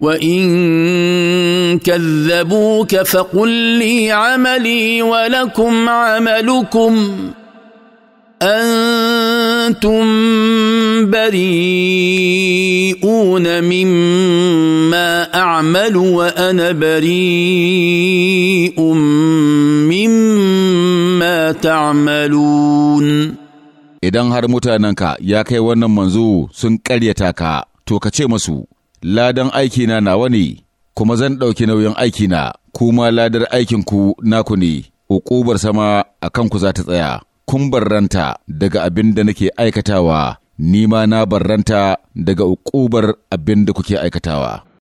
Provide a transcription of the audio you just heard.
وان كذبوك فقل لي عملي ولكم عملكم انتم بريئون مما اعمل وانا بريء مما تعملون idan har mutanenka ya kai wannan manzo sun ƙaryata ka to ka ce masu ladan aikina nawa ne, kuma zan ɗauki nauyin aikina, kuma ladar aikinku naku ne, uƙubar sama a kanku za ta tsaya, kun barranta daga abin da nake aikatawa, ni ma na barranta daga uƙubar abin da kuke aikatawa.